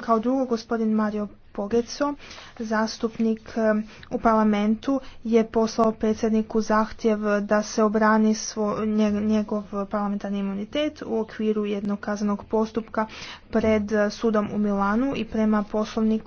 Kao drugo, gospodin Mario Pogeco, zastupnik u parlamentu, je poslao predsjedniku zahtjev da se obrani svo, njegov parlamentarni imunitet u okviru jednog kaznenog postupka pred sudom u Milanu i prema poslovniku